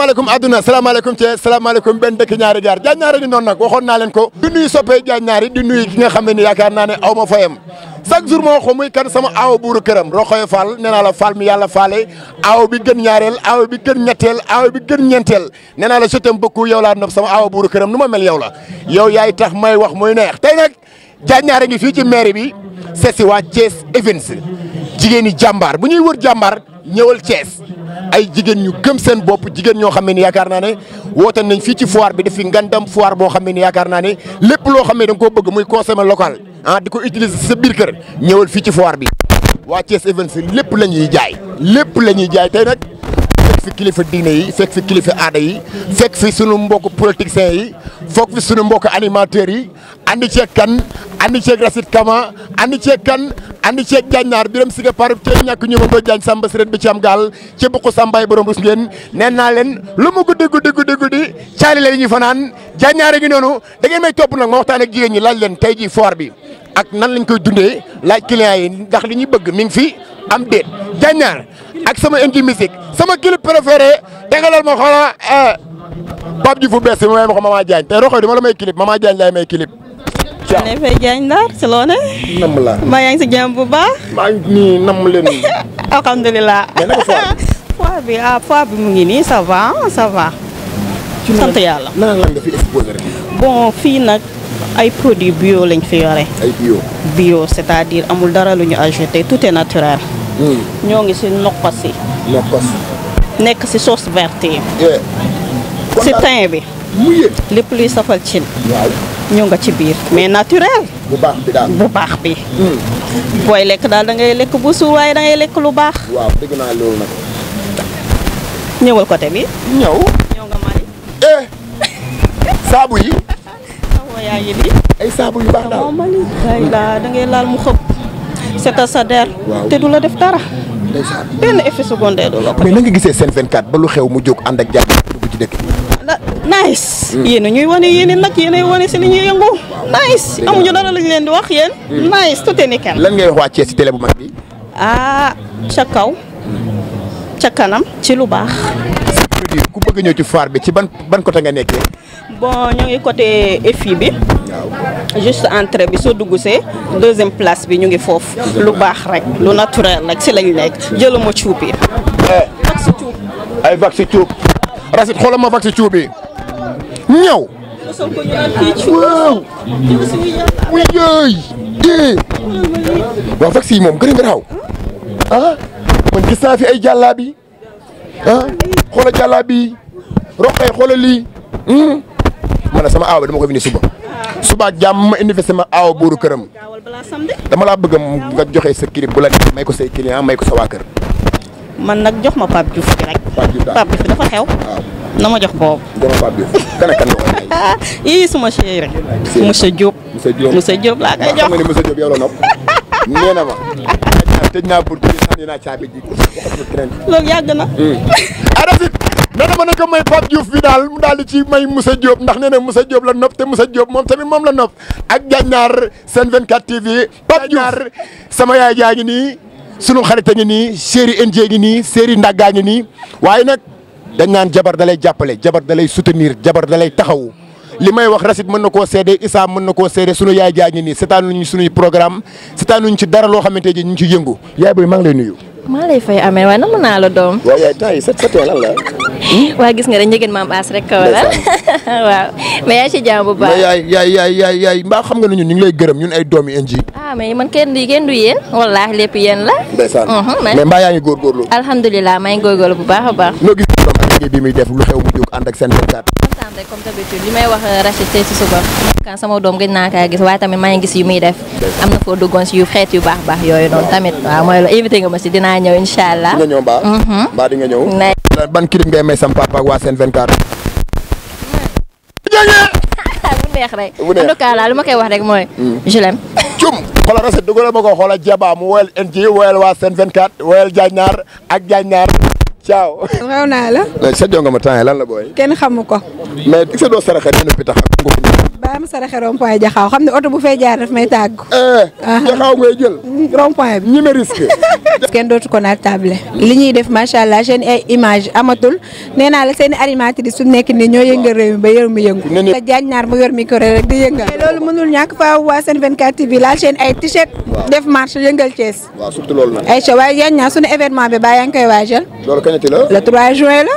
salaamaaleykum adduna salaamaaleykum Thiès salaamaaleykum benn dëkk ñaari jaar jaan ñaari ni noonu nag waxoon naa leen ko di nuyu soppee jaan ñaari di nuyu ki nga xam ne ni yaakaar naa ne aw ma fayam chaque jour moo ko muy kan sama aaw buuru këram roxoy faal nee naa la faal mi yàlla faale aaw bi gën ñaareel aaw bi gën ñetteel aaw bi gën ñeenteel nee naa la je t'aime beaucoup yow laa nopp sama aaw buuru këram nu ma mel yow la yow yaay tax may wax muy neex tey nag jaan ñaari ngi fii ci mairie bi seesi waa Thiès Events jàmbaar bu ñuy wër jàmbaar ñëwal Thiès ay jigéen ñu këm seen bopp jigéen ñoo xam ne ni yaakaar naa ne woote nañ fii ci foire bi def fi ngandam foire boo xam ne ni yaakaar naa ne lépp loo xam ne da nga koo bëgg muy consommer local ah di ko utiliser sa biir kër fii ci foire bi. waa Thiès Events lépp la ñuy jaay lépp la ñuy jaay tey nag fekk fi kilifa diine yi fekk fi kilifa aada yi fekk fi sunu mbokk politiciens yi fekk fi sunu mbokk animateurs yi. ànd ceeg kan ànd ceeg Racine Kama ànd ceeg kan ànd ceeg jàññaar biram si par ceeg ñàkk ñu mën doo jaañ sàmba sëret bi ci am gaal ci bukku sàmbaay borom rus ngeen nee naa leen lu mu guddi guddi guddi guddi caali la yi fanaan jàññaar a ngi noonu da ngeen may topp nag ma waxtaan ak jigéen ñi laaj leen tey ji foire bi ak nan lañ koy dundee laaj client yi ndax li ñuy bëgg mi ngi fi am déet jàññaar ak sama indi musique sama clip préféré dégalal ma xoola ah, Pape Diouf bu bees ma ma la may clip Thiam ne Faye Diagne Ndar si loo ne. namm ngi si jàmm bu baax. maa nii namm leen. alhamdulilah. mais bi. ah foire bi mu ngi nii ça va sant yàlla. lan bon fii nag ay produits bio lañ fi yore. ay bio. c'est-à-dire amul dara lu ñu ajouté tout est naturel. Hmm. ñoo ngi si nokkos yi. nokkos. nekk si sauce verte yi. si eh. thym bi. lépp luy safal cin. ñonga ci bir mais naturel bu baax bi daal bu baax bi hmm. boy lek daal da ngay lek bu su way da ngay lek lu baax waaw deug na lool nak ñewal côté bi ñew ñew nga mari eh sabu yi sabu ya ngi bi ay sabu yu baax daal waaw mali day la da ngay laal mu xop c'est setal sa der te du la def dara ben effet secondaire do la ko mais na nga gisee sen 24 ba lu xew mu jog ànd ak jàpp dugg ci dëkk nice mm. yéen a ñuy wane yéen nag yéen a wane si ni ñuy yëngu nice amuñu dara lañ leen di wax yéen mm. nice tout est nickel lan ngay wax waa Thiès si télé bu mag bi ah ca kaw ca kanam ci lu baax ku bëgg ñëw ci foire bi ci ban ban côté nga nekkee bon ñu ngi côté EFI bi juste entrée bi soo dugg see deuxième place bi ñu ngi foofu lu baax rek lu naturel rek si lañ nekk jëluma cuub yi eh. ay vax cuub rasit xoolal ma bag si cuub bi ñëw. waaw. wuy yi moom gën a garaaw ah, man gis naa fi ay jàllaabi ah xoolal jàllaabi roqee xoolal lii hmm. man sama aaw dama ko fi ni suba. suba jàmm ma indi fi sama aaw buuru këram dama laa bëgg nga joxe sa clip bu la may ko say may ko sa waa kër. man nag jox ma Pape Diouf bi rek. Pape Diouf dafa xew. Ah. na ma jox boobu. jox ma ah, ii suma chéri monsieur Diop. monsieur Diop monsieur Diop laa koy ah, jox xam nga ni la nopp nee ma. tëj naa bunt bi naa caabi ji loolu yàgg na. Hmm. arafit nee na ma ne may Pape Diouf bi daal mu daal di ci may Moussa Diop ndax nee na Moussa Diop la nopp te Moussa Diop moom tamit moom la nopp ak Diagne Nar Sen 24 TV. Pape Diouf sama yaay jaa ngi sunu xarit a ngi nii séeri NG ngi nii séeri ndàggaa ngi nii waaye nag dañ naan jabar da lay jàppale jabar da lay soutenir jabar da lay taxawu li may wax Racide mën na koo seede Issa mën na koo seede sunu yaay jaa ngi nii seetaanuñu sunuy programme seetaanuñu ci dara loo xamante ji ñu ngi ci yëngu yaay booy maa ngi lay nuyu. maa lay fay amee waaye namm naa la doom. waaw yaay temps yi set set lan la. waa gis nga dañ njëgeen maam aas rek wala waaw mais yaa ci jaam bu baax yaay yaay yaay yaay yaay mbaa xam nga ne ñun ñu ngi lay gërëm ñun ay doomi NJ ah mais man kenn du kenn du yéen wallaahi lépp yéen la ndeysaan uh-huh, mais mbaa yaa ngi góorgóorlu alhamdulilah maa ngi góorgóorlu bu baax a baax noo gis borom bi def lu xew mu jóg ànd ak seen 24 am day comme d'habitude li may wax kan sama doom gëj naa kaa gis waaye tamit maa ngi gis yu muy def am na foo duggoon si yu xeet yu baax baax yooyu noonu tamit waaw mooy loolu invité nga ma si dinaa ñëw incha allah nga ñëw mbaa mm-hmm. mbaa di nga ñëw ban clip ngay may sam papa ak waa seen 24 bu neex rek en tout cas daal lu ma koy wax rek mooy mm. je l'aime ciao. raw naa la. sa jongo ma temps lan la booy. kenn xamu ko. mais il faut doo saraxa benn pitax ak baam saraxe rond point jaxaaw xam ne oto bu fay jaar daf may tàggu. Eh, jaxaaw ngay jël. rond bi ñi ma risque. kenn dootu ko naat table li ñuy def macha allah seen ay image amatul nee naa la seen animatrice su nekk nii ñoo yëngal réew mi ba yow mi yëngu. nee nañu jaañ naar mu yor micro rek di yëngal. mais loolu mënul ñàkk faaw waa seen 24 TV laal seen ay t-shirt. def marche yëngal Thiès. waaw surtout loolu nag. ayca waaye jaañ événement bi baa yaa ngi koy waajal. la. le juin la.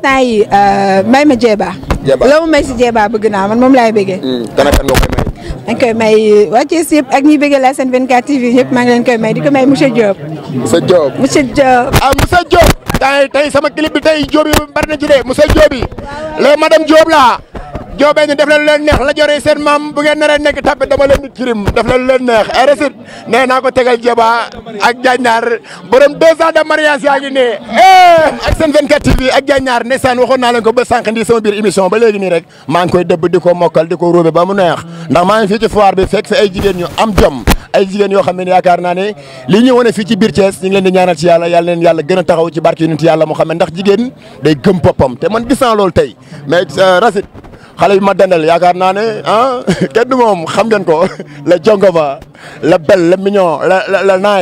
temps euh, yi may ma jeeba la mu may si jeeba bëgg naa man moom laay bëggee hmm, kan ak kan koy may dañ koy may euh, waa Thiès yëpp ak ñi bëggee la seen 24 TV ñëpp maa ngi leen koy may di ko may monsieur Diop monsieur Diop monsieur Diop ah monsieur Diop tey sama clip bi tey Diop yi bari na ci de monsieur Diop yi la madame laa joobee ni def leen leen neex la joree seen maam bu ngeen nekk tapé dama leen di kirim def leen neex resit nee naa ko tegal Jeba ak Diagnar borom deux ans de mariage yaa ne eh, ak seen 24 TV ak Diagnar ndeysaan waxoon naa leen ko ba sànq ndi sama biir émission ba léegi nii rek maa ngi koy dëbb di ko mokkal di ko róobe ba mu neex ndax maa ngi fii ci foire bi fekk fi ay jigéen ñu am jom ay jigéen yoo xam ne yaakaar naa ne li ñu wane fii ci biir Thiès ñu leen di ñaanal ci yàlla yàlla leen yàlla a taxaw ci barke te man gis naa tey mais euh, Racine xale bi ma dendal yaakaar naa ne ah kenn du moom xam ngeen ko la jongo la belle la mignon la la la na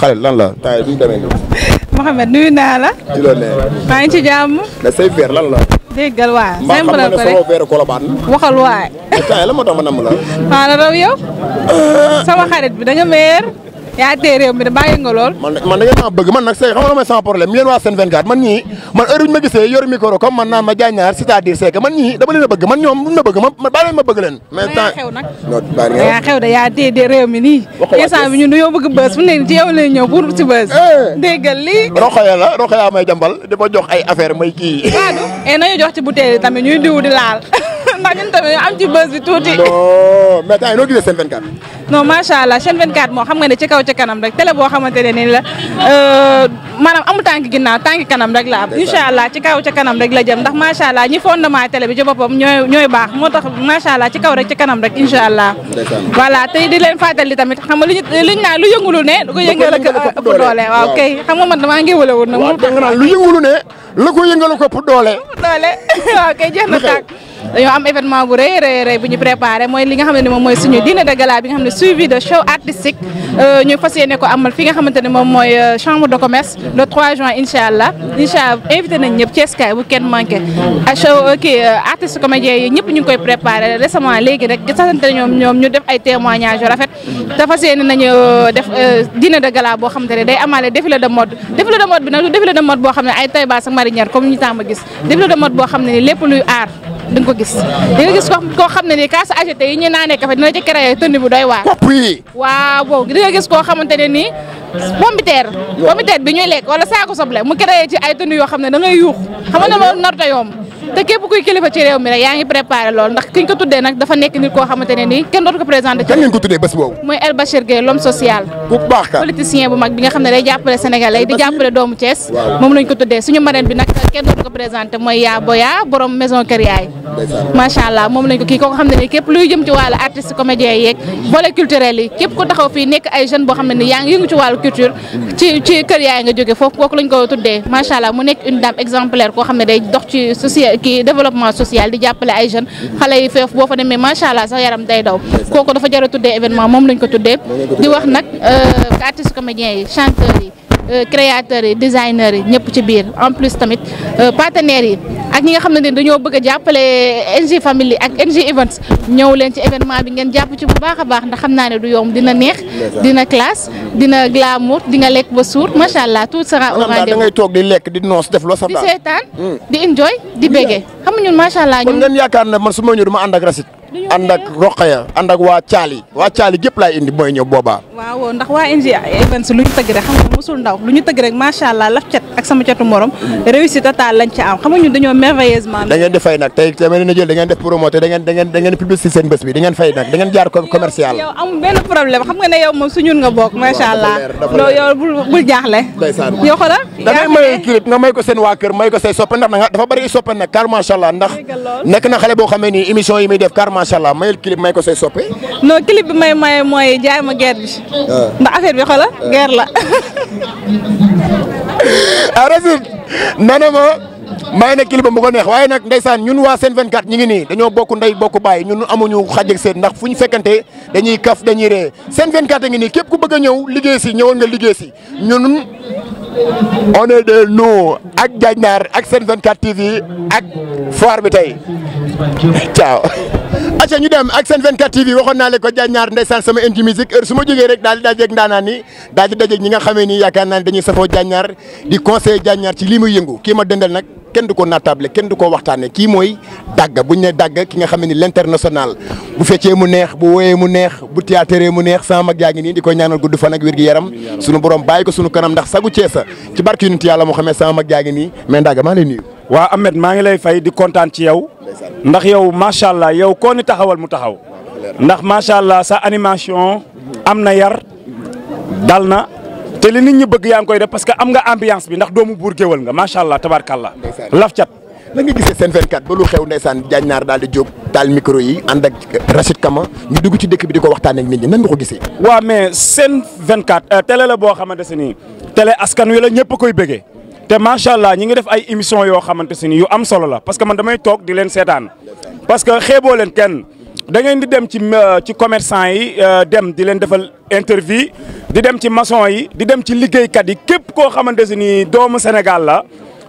xale lan la taay bi mu demee nii. Mouhamed naa la. di la maa ngi ci jàmm. mais say lan la. déggal waay. simple la pare mbaa xam nga ne sama verre kolobaan. ma maa raw yow. Ah. sama xarit bi da meer. yaa tey réew mi de bàyyi nga lool. man man da ngeen maa bëgg man nag say xam nga mooy sama problème yéen waa Sen 24 man ñii man heure bu ñu ma gisee yor micro comme man naan ma jaay ñaar c'est-à-dire c'est que man ñii dama leen a bëgg man ñoom bu ñu ma bëgg ma bàyyi leen ma bëgg leen. mais temps xew nag. non bàyyi nga yaa xew de yaa tey de réew mi nii. instant bi ñun dañoo bëgg bës fu nekk ci yow lay ñëw pour ci bës. Eh. déggal lii. roxoya la roxoya may jambal di ma jox ay affaire may kii. waaw du eh, nañu jox ci bouteille tamit ñuy diw di laal ndax ñun tamit am ci bës bi tuuti. non mais temps yii noo gisee seen 24. non macha allah seen 24 moo xam nga ne ci kaw ci kanam rek télé boo xamante ne nii la. Euh, maanaam amu tànk ginnaaw tànk kanam rek la am incha allah ci kaw ca kanam rek la jëm ndax macha allah ñi fondement télé bi ci boppam ñooy ñooy baax moo tax macha allah ci kaw rek ci kanam rek incha allah voilà tey di leen fàttali tamit xam nga luñu liñ naan lu yëngulu ne lu ko yëngal ak ëpp doole waaw kay xam nga man damaa ngéwale woon nag danga naan lu yëngulu ne la ko yëngal ko ëpp doole doole waaw kay jeex na tàkk dañoo am événement bu rëy rëy rëy bu ñu préparé mooy li nga xam ne moom mooy suñu dîner de gala bi nga xam ne suivi de show artistique euh, ñu fas yéene ko amal fi nga xamante ne moom mooy euh, chambre de commerce le 3 juin incha allah incha allah invité nañ ñëpp Thiès bu kenn manqué ah, artiste comédien yi ñëpp ñu ngi koy préparé récemment léegi rek sasante ñoom ñoom ñu def ay témoignages yu rafet dafa seeni nañu euh, def euh, dîner de gala boo xam te ne day amaale défilé de mode défilé de mode bi boo xam ne ay tay baas ak marinière comme ñu tàmm gis défilé de mode boo xam ne ni lépp luy aar di nga gis di gis koo xam ne nii kaas agité yi ñu naanee kafe dina ci créé tenue ne nii. pompiteer pompiteer bi ñuy lekk wala saako soble mu créé ci ay tund yoo xam ne da ngay yuux xam nga ne moom narta te képp kuy kilifa ci réew mi rek yaa ngi préparé loolu ndax kiñ ko tuddee nag dafa nekk nit koo xamante ne nii kenn dootu ko présenté. mooy Yaa Boya borom maison Kër Yaay. macha allah moom lañ ko kii koo xam ne nii képp luy jëm ci wàllu artiste comédien yeeg volet culturel yi képp ku taxaw fii nekk ay jeune boo xam ne nii yaa ngi yëngu ci wàllu culture ci kër yaay nga jóge foofu kooku lañ ko tuddee macha allah mu nekk une exemplaire koo xam ne kii développement social di jàppale ay jeune xale yi feef boo fa demee macha allah sax yaram day daw kooku dafa jar tudde tuddee événement moom lañ ko tuddee di wax nag euh, artiste comédien yi chanteur yi Euh, créateurs yi designers yi ñëpp ci biir en plus tamit euh, partenaires yi ak ñi nga xam ne dañoo bëgg a jàppale NG Family ak NG Events ñëw leen ci événement bi ngeen jàpp ci bu baax a baax ndax xam naa ne du yomb dina neex dina classe dina glamour di nga lekk ba suur macha allah tout sera au rendez-vous toog di lekk di noos def loo sa di seetaan hmm. di enjoy di bége xam ñun macha allah ñun ngeen yaakaar na man su ma ñëw dama ànd ak rasit andak ak Roqaya ànd ak waa Caali waa Caali gépp indi moy ñew boba waaw ndax wa NJ Events lu ñu tëgg rek xam nga musul ndaw lu ñu tëgg rek sha allah laf ciat ak sama ciatu morom. réussite totale lañ ci am xam nga ñu dañoo merveilleusement. da ngeen di fay nag tey dama jël da ngeen def promo da ngeen da ngeen da ngeen publicité seen bëss bi da ngeen fay nak da ngeen jaar commercial. yow am ben problème xam nga ne yow moom su ñun nga ma sha allah lo yow bul bul yow xala da ngay may kii nga may ko seen wa kër may ko say soppe ndax dafa bari soppe nak car ma sha allah ndax nek na xalé bo xamé ni émission yi mi def car macha allah mayel clip may ko say soppe. non clip bi may maye mooy jaay ma guerre bi. Ah. ndax affaire bi xoolal ah. guerre la. ah Rassoul na ma may na clip bu ko neex waaye nag ndeysaan ñun waa Sen 24 ñu ngi nii dañoo bokk ndey bokk baay ñun amuñu xàjj ak seen ndax fu ñu fekkante dañuy kaf dañuy ree Sen 24 a ngi nii képp ku bëgg ñëw liggéey si ñëwoon nga liggéey si ñun. on est de nous ak Diagne Nar ak Sen 24 TV ak foire bi tey ciao. acca ñu dem ak Sen 24 TV waxoon naa leen ko Diagne Nar ndeysaan sama Indi Musique heure su ma jógee rek daal di dajeeg ndaanaan ni daal di dajeeg ñi nga xamee ni yaakaar naa ne dañuy safoo Diagne Nar di conseil Diagne Nar ci lii muy yëngu kii ma dëndal nag. kenn du ko naataable kenn du ko waxtaanee kii mooy dàgg bu ñu nee ki nga xam ne l'international bu feccee mu neex bu woyee mu neex bu théâtre mu neex sama mag yaa ngi nii di koy ñaanal gudd fan ak wér gi yaram sunu borom bàyyi ko sunu kanam ndax sagu Ceesa ci barki yonent yàlla moo xamee sama mag yaa ngi nii mais dàgg maa lay nuyu. waaw Ahmed maa ngi lay fay di kontaan ci yow ndax yow macha allah yow koo ni taxawal mu taxaw ndax macha allah sa animation am na yar dal na. te li nit ñi bëgg yaa ngi koy def parce que am nga ambiance bi ndax doomu buur géwal nga macha allah tabarkàlla laf cat la nga gisee seen 24 ba xew ndeysaan Diagne Naar daal di jóg taal micro yi ànd ak Rachid Kama ñu dugg ci dëkk bi di ko waxtaanee ak nit ñi nan nga ko gisee. waaw mais seen 24 euh, télé la boo xamante ne nii télé askan wi la ñëpp koy bëggee te macha allah ñi ngi def ay émission yoo xamante ne yu am solo la parce que man damay toog di leen seetaan parce que xeeboo leen kenn. da ngeen di dem ci euh, ci commerçant yi euh, dem di leen defal interview di dem ci maçon yi di dem ci liggéeykat yi képp koo xamante si ni doomu Sénégal la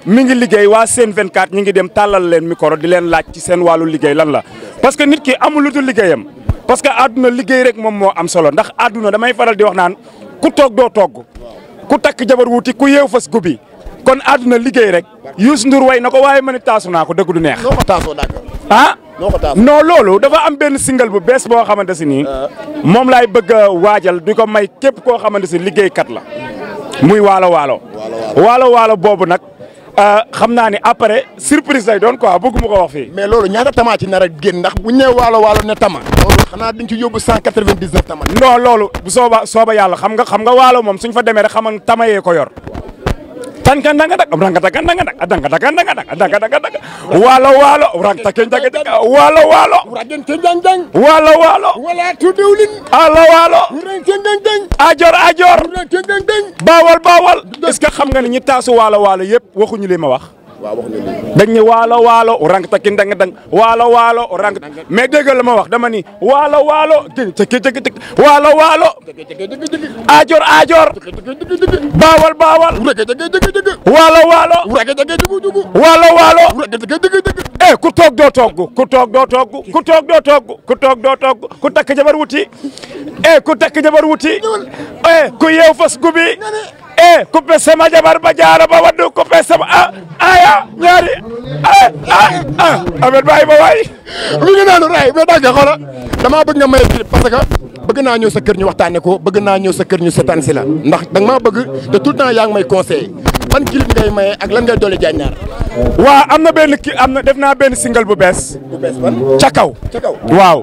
mi ngi liggéey waa Sen 24 ñi ngi dem tàllal leen micro di leen laaj ci seen wàllu liggéey lan la parce que nit ki amul lu dul liggéeyam parce que àdduna liggéey rek moom moo am solo ndax àdduna damay faral di wax naan ku toog doo togg ku takk jabar wuuti ku yeew fas gubi kon àdduna liggéey rek Youssou Ndour way na ko waaye man it taasu naa ko dëgg du neex. ah. non loolu dafa am benn single bu bees boo xamante si nii ah. moom laay bëgg a waajal di ko may képp koo xamante si liggéeykat la muy waalo waalo waalo waalo boobu nag ah, xam naa ni après surprise lay doon quoi bëgg mu ko wax fii mais loolu ñaata tama ci nar a génn ndax bu ñëwee waalo waalo ne tama loolu xanaa dañ ci yóbbu cent quatre-vingt-dix-neuf tama non loolu bu sooba sooba yàlla xam nga xam nga waalo moom suñ fa demee rek xaman tama yee ko yor tanka ndanga dak ranga taka ndanga dak adanga taka ndanga dak adanga taka dak walo walo ranga taka ndanga dak walo walo raden tendang dang walo walo wala tudulin ala walo raden tendang dang ajor a raden tendang dang bawal bawal est-ce que xam nga ni ñi taasu walo walo yëpp waxuñu li ma wax dañ ne waalo waalo rang ta ki ndang dang waalo waalo rang mais déggal la ma wax dama ni waalo waalo jë cëkki cëkki cëkki waalo waalo aajoor aajoor baawal baawal waalo waalo waalo waalo eh ku toog doo togg ku toog doo togg ku toog doo togg ku toog doo togg ku takk jabar wuti eh ku takk jabar wuti eh ku yeew fas gubi e eh, coupé sama jabar ba jaara ba waddu coupé sama a ah, aya ah, ñaari a affaire bàyyi ba waay mi ngi noonu ray mais dagge xoola damaa bëgg nga may parce que bëgg naa ñëw sa kër ñu waxtaane ko bëgg naa ñëw sa kër ñu setaan si la ndax danga maa bëgg te tout le temps yaa ngi may conseil ban clip ngay maye ak lan ngay doole jaañaar waa am na benn ki am na def naa benn single bu bees bu kaw ca kaw waaw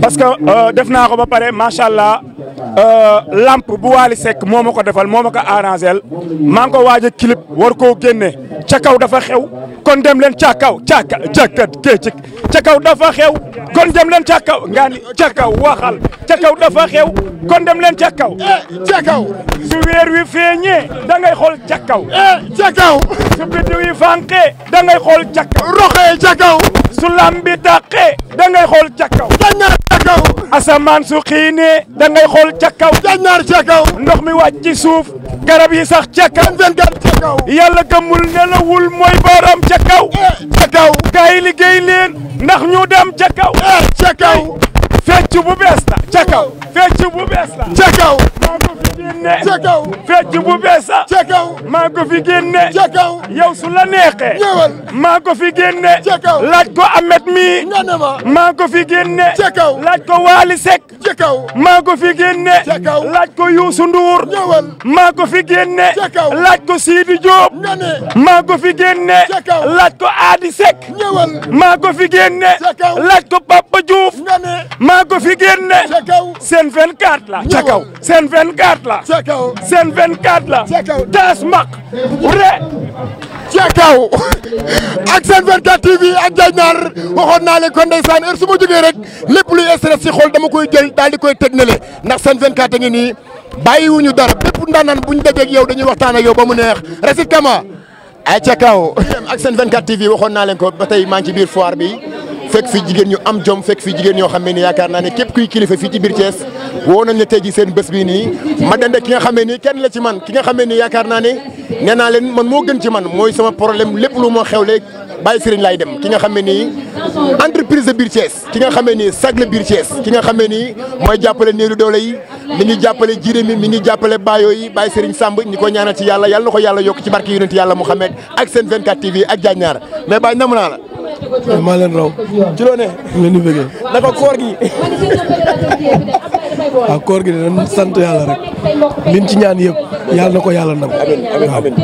parce euh, def naa ko ba pare macha allah Euh, lamp bu Waly sek moo ma ko defal moo ma ko arrangel maa ngi ko waaj a clip war koo génne ca kaw dafa xew kon dem leen ca kaw ca caka kéeci ca kaw dafa xew kon dem leen ca kaw nga ni ca kaw waxal ca kaw dafa xew kon dem leen ca kaw eh, ca kaw su weer wi feeñee da ngay xool ca kaw eh, ca kaw su biddiw yi fànqee da ngay xool ca kaw kaw su lambi tàqee da ngay xool ca kaw asamaan su xiinee da ngay xool ca kaw ca kaw ndox mi wàcc ci suuf garab yi sax ca kaw vingt-quatre ca kaw yàlla gëmmul nelawul mooy baaram ca kaw eh, ca kaw gaay yi liggéey leen ndax ñu dem ca kaw eh, ca kaw fecc bu bees la ca kaw bu bees la génne. ca kaw fecc bu beesa. ca fi génne. ca la neexee. ñëwal ko fi génne. laaj ko Ahmed mii. nga ko fi génne. ca kaw laaj ko Waly Seck. ca kaw maa ko fi génne. ca laaj ko Youssou Ndour. ñëwal fi génne. laaj ko Sidi Diop. nga fi génne. laaj ko Adi Seck. ñëwal fi génne. ca kaw laaj la. seen 24 la. taas maq re. ceekaaw ak seen 24 TV ak Ndiaye Naar waxoon naa leen kon ndeysaan heure su ma jógee rek lépp luy stress si xool dama koy jël daal di koy teg ne le ndax seen 24 a ngi nii bàyyiwuñu dara bépp ndaanaan bu ñu dajeeg yow dañuy waxtaan ak yow ba mu neex Racine Kama ay ceekaaw ak seen 24 TV waxoon naa leen ko ba tey maa ngi ci biir foire bi. fekk fi jigéen ñu am jom fekk fi jigéen ñoo xam ni yaakaar naa ne képp kuy kilifa fii ci biir woo nañ ne tey ji seen bés bii nii ma dende ki nga xamee nii kenn la ci man ki nga xamee nii yaakaar naa ne nee naa leen man moo gën ci man mooy sama problème lépp lu moo xewle bàyyi sëriñ laay dem ki nga xam ne nii entreprise de biir Thiès ki nga xamee nii sagle biir Thiès ki nga xamee nii mooy jàppale néeru doole yi mi ngi jàppale jiré mi mi ngi jàppale baayoo yi bàyyi sëriñ Samb ñi ko ñaanal ci yàlla yàlla na ko yàlla yokk ci barke yonent yàlla Muhammad ak seen 24 TV ak Diagne Nar mais maa leen raw. ci loo ne. ñu leen koor gi. waaw ah, koor gi dañ sant yàlla rek. liñ ci ñaan yëpp yàlla na ko yàlla nam. amiin amiin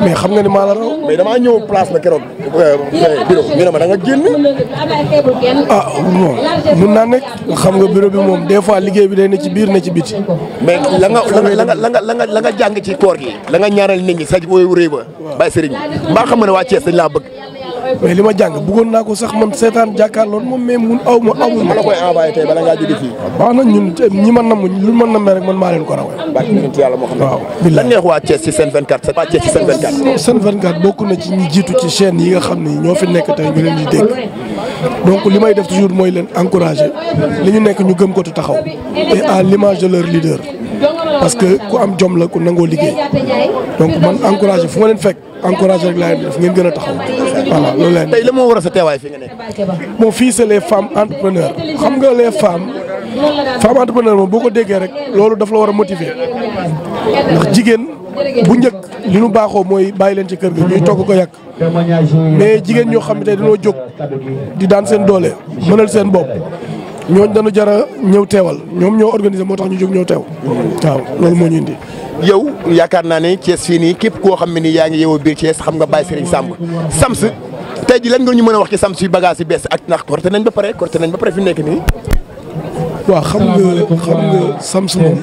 amiin xam nga ni maa la raw. mais damaa ñëw place na keroog. Eh, eh, bureau ñu ne ma da nga ah, mun naa nekk xam nga bureau bi moom des fois liggéey bi day ne ci biir ne ci biti. mais la nga la la nga la nga la nga jàng ci koor gi. la nga ñaanal nit ñi sa wóoyu réew ba. waaw bàyyi sëriñ mbaa xam ne waa Thiès dañ laa bëgg. mais li ma jàng buggoon naa ko sax man seetaan jàkkaarloon moom mais mun aw ma awul ma la koy envoyé tey bala ngaa jóge fii baax na ñun ñi mën na lu mën na rek man maa leen ko rawee barke yonent yàlla moo xam ne waaw lan neex waa Thiès ci Sen 24 waa Thiès ci Sen 24 Sen ci ñi jiitu ci chaîne yi nga xam ne ñoo fi nekk tey ñu leen di dégg donc li may def toujours mooy leen encouragé li ñu nekk ñu gëm ko te taxaw e à l'image de leur leader parce que ku am jom la ku nangoo liggéey donc man encouragé fu ma leen fekk encouragé rek laa leen def ngeen gën a taxaw voilà loolu leen. tey la moo war a sa teewaay fi nga nekk. bon fii c'est les femmes entrepreneurs xam nga les femmes femmes entrepreneurs moom boo ko déggee rek loolu daf la war a motiver ndax jigéen bu njëkk li nu baaxoo mooy bàyyi leen ci kër gi ñuy togg ko yàq mais jigéen ñoo xam ne tey dañoo jóg di daan seen doole mënal seen bopp. ñooñ dañu jar ñëw teewal ñoom ñoo organisé moo tax ñu jóg ñëw teew. waaw loolu moo ñu indi. yow yaakaar naa ne Thiès fii nii képp koo xam ne ni yaa ngi yeewoo biir Thiès xam nga Baye Serigne Samb Sams tey ji lan nga ñu mën a wax ci Sams yi bagage yi bees ak ndax korte nañ ba pare korte nañ ba pare fi nekk nii. waaw xam nga xam nga Sams moom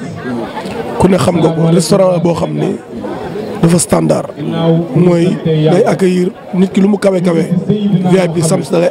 ku ne xam nga ko restaurant boo xam ne dafa standard mooy day accueillir nit ki lu mu kawe kawe VIP Sams da lay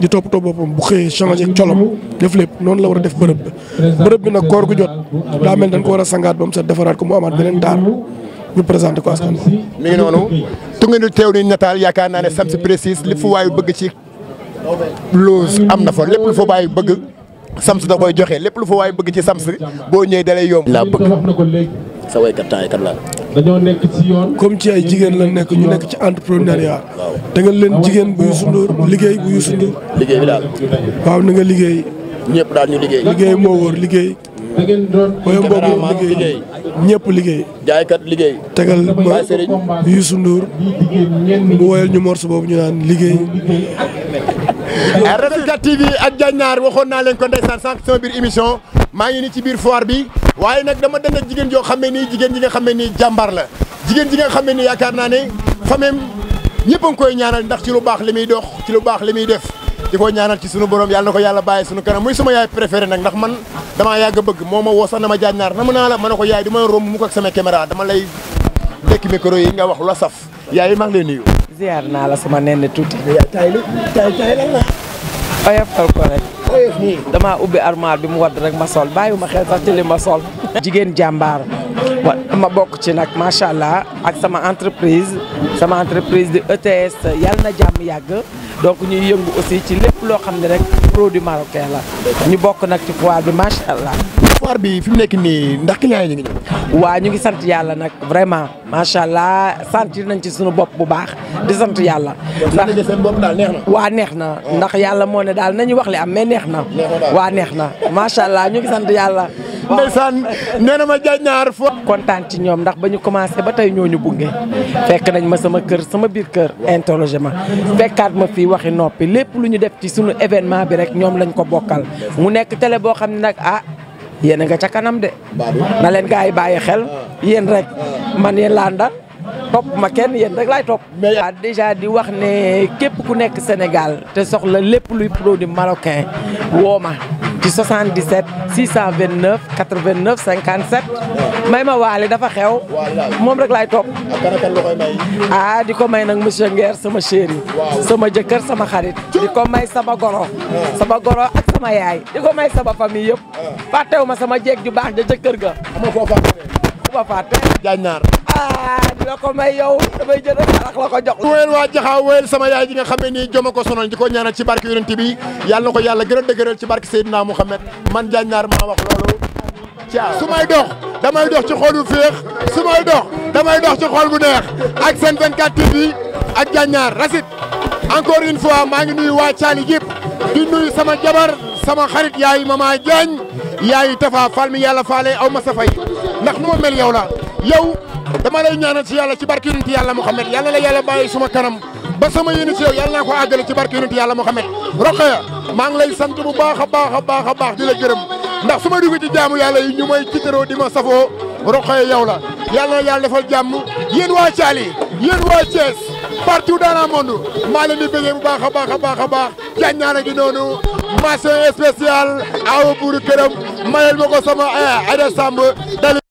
di toppatoo boppam bu xëyee changé colom def lépp noonu la war a def bërëb bi bërëb bi nag koor gu jot daa mel dañ ko war a sangaat ba mu set defaraat ko mu amaat beneen taar ñu présenté ko askan bi mi ngi noonu tu ngeen di teew ni nataal yaakaar naa ne Samsi Prestige li fu waayu bëgg ci loose am na fo lépp lu fa waayu bëgg Samsi da koy joxe lépp lu fa waayu bëgg ci Samsi boo ñëwee dalay yomb laa bëgg sa waykat temps yi kan la. dañoo nekk yoon. comme ci ay jigéen la nekk ñu nekk ci entrepreneuriat. waaw da leen jigéen bu Youssou Ndour liggéey bu Youssou Ndour. liggéey na nga liggéey. ñëpp daal ñu liggéey. liggéey moo wóor liggéey. booy mbokk liggéey ñëpp liggéey. jaaykat liggéey. tegal ma Youssou Ndour mu woyal ñu morceau boobu ñu naan liggéey. Refica TV ak Diagne Nar waxoon naa leen ko ndeysaan sànq sama biir émission maa ngi ni ci biir foire bi. waaye nag dama dend ak jigéen joo xam ne nii jigéen ji nga xam ne nii jàmbaar la jigéen ji nga xam ne nii yaakaar naa ne famem ñëpp a koy ñaanal ndax ci lu baax li muy dox ci lu baax li muy def di ko ñaanal ci sunu borom yàlla na ko yàlla bàyyi sunu kanam muy sama yaay préféré nag ndax man damaa yàgg bëgg moo ma woo sax na ma jaaj naar na ma naa la man ne ko yaay du ma romb mu ko ak sama caméra dama lay dekk micro yi nga wax la saf yaay maa ngi lay nuyu ziar naa la sama nenn tuuti yaay taay la oyofal ko damaa ubbi armoire bi mu wadd rek ma sol bàyyiwuma xel sax ci li ma sol. jigéen jàmbaar wa ma bokk ci nag macha allah ak sama entreprise sama entreprise di ETS yàlla na jàmm yàgg donc ñuy yëngu aussi ci lépp loo xam ne rek produit marocain la ñu bokk nag ci foire bi macha allah. foire bi fi mu nekk nii ndax client yi ñu ngi waaw ñu ngi sant yàlla nag vraiment macha allah santir nañ ci suñu bopp bu baax di sant yàlla. ndax seen bopp waa neex na ndax yàlla moo ne daal nañu wax li am mais neex na. waa neex na macha allah ñu ngi sant yàlla. ndeysaan nee na ma jaaj ñaar fo kontaan ci ñoom ndax ba ñu commencé ba tey ñooñu bunge fekk nañ ma sama kër sama biir kër interrogé ma fekkaat ma fii waxi noppi lépp lu ñu def ci suñu événement bi rek ñoom lañ ko bokkal mu nekk télé boo xam ne ah, yéen a nga ca kanam de na leen gaa ay bàyyi xel ah. yéen rek ah. man yéen laa àndal topp ma kenn yéen rek lay topp. waaw déjà di wax ne képp ku nekk Sénégal te soxla lépp luy produit marocain woo ma ci 77 629 89 57. may ma waale dafa xew. moom rek laay topp. Ah, ah di ko may nag monsieur Nguer sama chéri sama jëkkër sama xarit. di ko may sama goro. Ah. sama goro ak sama yaay. di ko may sama famille yëpp. Ah. fàttewu ma sama jeeg ju baax ja ca kër ga. ma foo fàtte. ku ma fàtte. la ko may yow damay jël ak la ko jox weel waa jaxaa weel sama yaay ji nga xam ne nii joma ko sonal di ko ñaanal ci barke yonent bi yàlla na ko yàlla gën a dëgëral ci barke Seydina Mouhamed man jàññaar maa wax loolu caa su may dox damay dox ci xool bu féex su may dox damay dox ci xool bu neex ak seen 24 TV ak jàññaar rasit encore une fois maa ngi nuyu waa Thiali yëpp di nuyu sama jabar sama xarit yaay mama Diagne yaay Tafa Fall mi yàlla faale aw ma sa fay ndax nu ma mel yow la yow dama lay ñaanal ci yàlla ci barke yonent yàlla Muhammad yàlla la yàlla bàyyi suma kanam ba sama yéene yàlla naa ko àggale ci barke yonent yàlla Muhammad Rokhaya maa ngi lay sant bu baax a baax a baax a baax di la gërëm ndax su ma dugg ci jaamu yàlla yi ñu may jitaroo di ma safoo Rokhaya yow la yàlla na yàlla defal jàmm yéen waa Thiali yéen waa Thiès partout dans le monde maa leen di bëggee bu baax a baax a baax a baax jaañ naa ngi noonu mention spéciale awa buuru këram